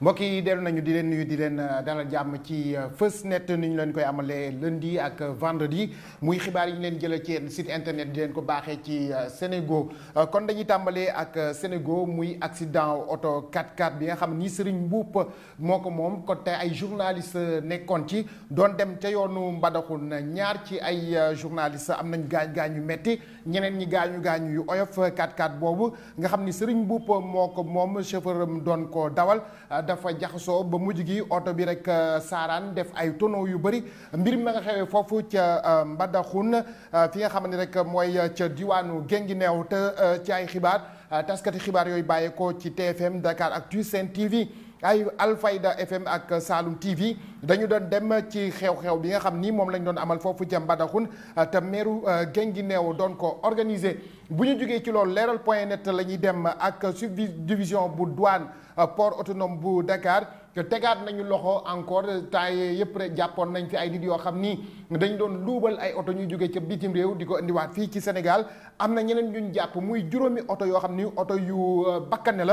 mbokk yi dellu nañu di leen nuyu di leen euh, dalal jàmm ci euh, Feus Net ni ñu leen koy amalee lundi ak vendredi muy xibaar yi ñu leen jëlee ci site internet di leen ko baaxee ci euh, Sénégo kon dañuy tàmbalee ak Sénégo muy accident oto 4 x bi nga xam ni Serigne Mboup moo ko moom kon te ay journaliste nekkoon ci doon dem ca yoonu na ñaar ci ay journaliste am nañu gaañ gaañu metti ñeneen ñi gaañu gaañu yu oyof 4 x boobu nga xam ni Serigne Mboup moo ko moom chauffeur doon ko dawal. dafa jaxasoo ba mujj gi oto bi rek euh, saaraan def ay tono yu bëri mbir ma nga xewee foofu ca euh, Mbadakhoune euh, fi nga xam ne rek mooy ca diwaanu Guinguinéo te ci ay xibaar taskati xibaar yooyu bàyyeekoo ci TFM Dakar Actu Sen TV. ay Alfayda FM ak Saalum TV dañu doon dem ci xew-xew bi nga xam ni moom lañ doon amal foofu ca Mbadakhoune euh, te meeru euh, Guinguinéo doon ko organiser bu ñu jógee ci loolu leeral point net la ñuy dem ak subdivision bu douane euh, port autonome bu Dakar. te tegaat nañu loxo encore temps yëpp rek jàppoon nañ fi ay nit yoo xam ni dañ doon luubal ay oto ñu jóge ca bitim réew di ko indiwaat fii ci Sénégal am na ñeneen ñuñ jàpp muy juróomi oto yoo xam ni oto yu euh, bakkane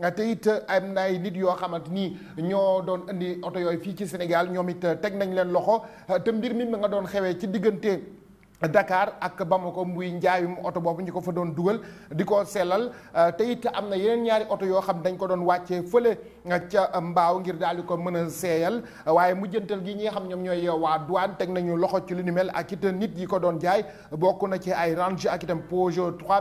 la te it am na ay nit yoo xamante ni ñoo doon indi oto yooyu fii ci Sénégal ñoom it teg nañ leen loxo te mbir mi nga doon xewee ci diggante Dakar ak Bamako muy njaayum oto boobu ñu ko fa doon dugal di ko sellal euh, te it am na yeneen ñaari oto yoo xam dañ ko doon wàccee fële euh, ca mbaaw ngir daal di ko mën a seeyal waaye mujjantal gi ñi nga xam ñoom ñooy waa douane teg nañu loxo ci lu ni mel ak it nit yi ko doon jaay bokk na ci ay Range ak itam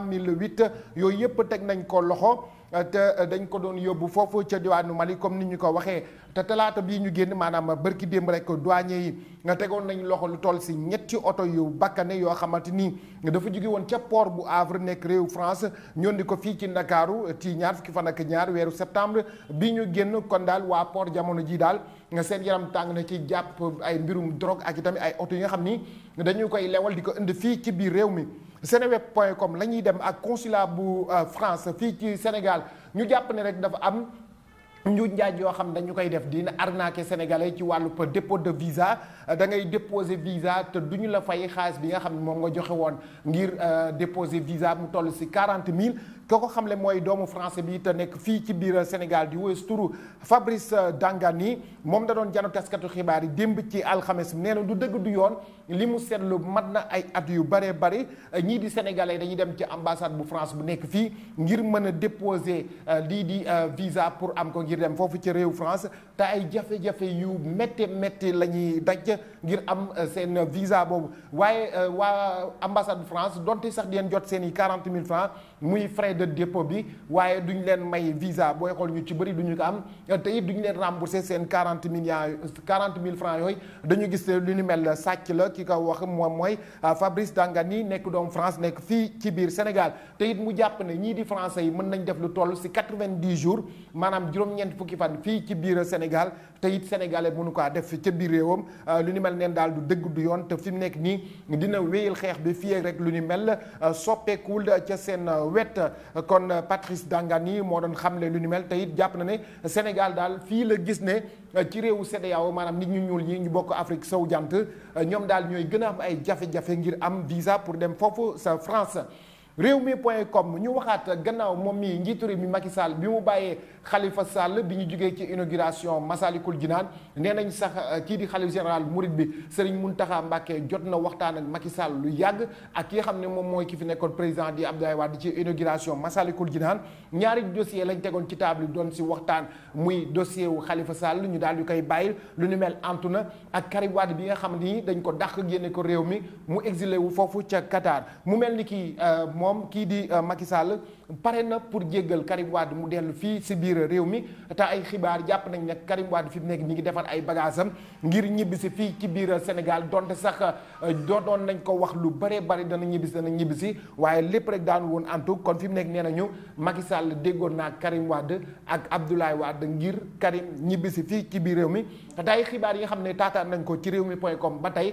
mille 3008 yooyu yëpp teg nañ ko loxo. Euh, te euh, dañ ko doon yóbbu foofu ca diwaanu Mali comme ni ñu ko waxee te talaata bii ñu génn maanaam bërki démb rek douanier yi nga tegoon nañu loxo lu toll si ñetti oto yu bakkane yoo xamante ni dafa jóge woon ca port bu Havre nekk réew France ñoon ni ko fii ci Ndakaaru ci ñaar fukki fa ak ñaar weeru septembre bii ñu génn kon daal waa port jamono ji daal nga seen yaram tàng na ci jàpp ay mbirum drogue ak yi itamit ay oto yi nga xam ni dañu koy lewal di ko indi fii ci biir réew mi seneweb point com la ñuy dem ak consulat bu euh, France fii ci Sénégal ñu jàpp ne rek dafa am ñu njaaj yoo xam dañu koy def dina arnaquer sénégalais ci wàllu dépôt de visa da ngay déposer visa te duñu la fay xaalis bi nga xam ne moom nga joxe woon ngir euh, déposer visa mu toll si quarante mille ko ko xamle mooy doomu français bi te nekk fii ci biir Sénégal di wës turu Fabrice Dangani moom da doon jano taskatu xibaar yi démb ci alxames nee na du dëgg du yoon li mu seetlu mat na ay at yu bëree bëri ñii di sénégalais dañuy dem ci ambassade bu France bu nekk fii ngir mën a déposer euh, lii di euh, visa pour am ko ngir dem foofu ci réew France te ay jafe-jafe yu métti métti la ñuy daj ngir am euh, seen visa boobu waaye waa ambassade France donte sax di jot seen i 40 000 francs muy frais de dépôt bi waaye duñ leen may visa booy xool ñu ci bëri duñu ko am te it duñ leen rembourser seen quarante millions quarante mille francs yooy dañu gis lu ni mel sàcc la ki kaw wax moom mooy ah, Fabrice nii nekk doom France nekk fii ci biir Sénégal te it mu jàpp ne ñii di français yi mën nañ def lu toll si quatre-vingt-dix jours maanaam juróom-ñeent fukki fan fii ci biir Sénégal te it sénégalais mënu ko def ca biir réewam ah, lu ni mel neen daal du dëgg du yoon te fi mu nekk nii dina wéyal xeex bi fii rek lu ni mel ah, soppeekul ca seen. wet euh, kon euh, Patrice Dangani moo doon xamle lu ni mel te jàpp na ne Sénégal daal fii la gis ne euh, ci réewu CEDEAO maanaam nit ñu ñuul ñi ñu bokk Afrique sowu jant ñoom daal ñooy gën a am ay jafe-jafe ngir am visa pour dem foofu sa France réew mi point comme ñu waxaat gannaaw moom mi njiitu mi Macky Sall bi mu bàyyee xalifa Sall bi ñu jugee ci inauguration Masalikul naan nee nañ sax euh, kii di xalif général Mouride bi Serigne Mountakha Mbacké jot na waxtaan ak Macky Sall lu yàgg ak ki nga xam ne moom mooy ki fi nekkoon président di ay Abdoulaye Wade ci inauguration Masalikul Jinaan ñaari dossier lañ tegoon ci table doon si waxtaan muy dossier wu Khalifa Sall ñu daal di koy bàyyi lu nu mel antu na ak Karim Wade bi nga xam nii dañ ko dàq génne ko réew mi mu exilé wu foofu ca Qatar mu mel ni kii euh, moom kii di euh, Macky Sall pare na pour jéggal Karim Wade mu dellu fii si biir réew mi te ay xibaar jàpp nañ ne Karim Wade fi mu nekk mi ngi defar ay bagaasam ngir ñibbisi fii ci biir Sénégal donte sax euh, doonoon nañ ko wax lu bëree bëri dana ñibbisi dana ñibbisi waaye lépp rek daan woon antu kon fi mu nekk nee nañu Macky Sall déggoon naa Karim Wade ak Abdoulaye Wade ngir Karim ñibbisi fii ci biir réew mi te ay xibaar yi nga xam ne taataan nañ ko ci réew mi ba tey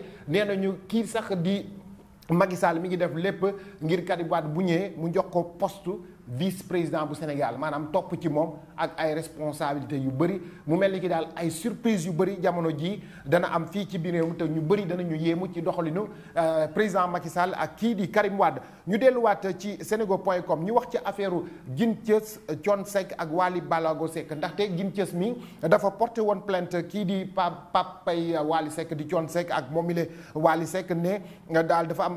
Macky Sall mi ngi def lépp ngir Karim Wade bu ñëwee mu jox ko poste vice président bu Sénégal maanaam topp ci moom ak ay responsabilités yu bëri mu mel ni ki daal ay surprise yu bëri jamono jii dana am fii ci biir réew te ñu bëri danañu yéemu ci doxalinu euh, président Macky Sall ak kii di Karim Wade. ñu delluwaat ci point comme ñu wax ci affaire Guin Thieuss Thione Seck ak Waly Balago Seck ndaxte Guin Thieuss mi dafa porté woon plant kii di Pape Pape Paye Waly di Thione Seck ak moomile Waly Seck ne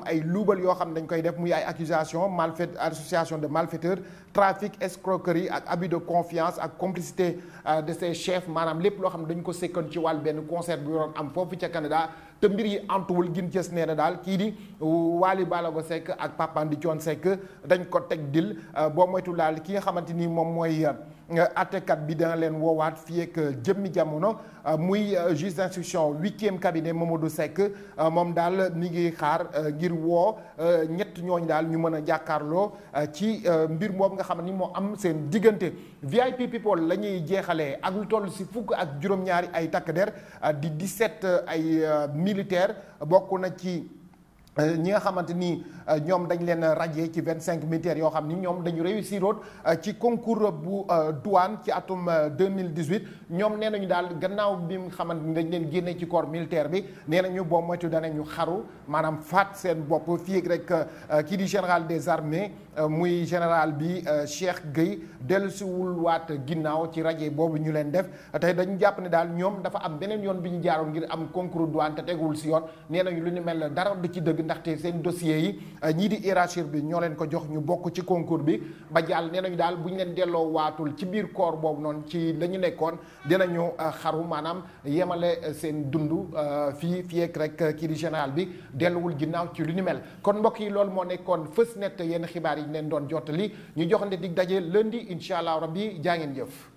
ay luubal yoo xam ne dañ koy def muy ay accusation malfait association de malfaiteurs trafic escroquerie ak abus de confiance ak complicité euh, de ses maanaam lépp loo xam ne dañ ko sekkoon ci wàll benn concert bu yoroon am foofu ca Canada te mbir yi antuwul gin cës nee na daal kii di Waly Balago Seck ak Pape Andy Thione dañ ko teg dil euh, boo moytu laal ki nga xamante ni moom mooy euh, àttekat bi dana leen woowaat fii ak euh, jëmmi jamono euh, muy euh, juge d'instruction huitième cabinet Mamadou Seck moom daal mi ngi xaar ngir woo ñett ñooñ daal ñu mën a jàkkaarloo ci mbir moom nga xam ni moo am seen diggante VIP people la ñuy jeexalee ak lu toll si fukk ak juróom-ñaari ay takk der di di 17 ay militaire bokk na ci Euh, ñi nga xamante ni euh, ñoom dañ leen radié ci vingt cinq militaires yoo xam ni ñoom dañu réussiroon euh, ci concours bu douane ci atum deux mille dix huit ñoom nee nañu daal gannaaw bi nga xamante ni dañ leen génne ci corps militaire bi nee nañu boo moytu danañu xaru maanaam faat seen bopp fii rek kii di général des armées muy général bi Cheikh Gueye dellusiwul waat ginnaaw ci radié boobu ñu leen def tey dañu jàpp ni daal ñoom dafa am beneen yoon bi ñu jaaroon ngir am concours douane te teguwul yoon nee lu ñu mel dara du ci dëgg. ndaxte seen dossier yi euh, ñii di hiérarchie bi ñoo leen ko jox ñu bokk ci concours bi ba jàll nee nañu daal bu ñu leen delloo waatul ci biir koor boobu noonu ci lañu nekkoon dinañu euh, xaru maanaam yemale euh, seen dund fii fii ak rek kii di général bi delluwul ginnaaw ci lu ni mel kon mbokk yi loolu moo nekkoon fës net yenn xibaar yi ñu leen doon jottali ñu joxante dig daje lundi incha allah rabbi jaa ngeen jëf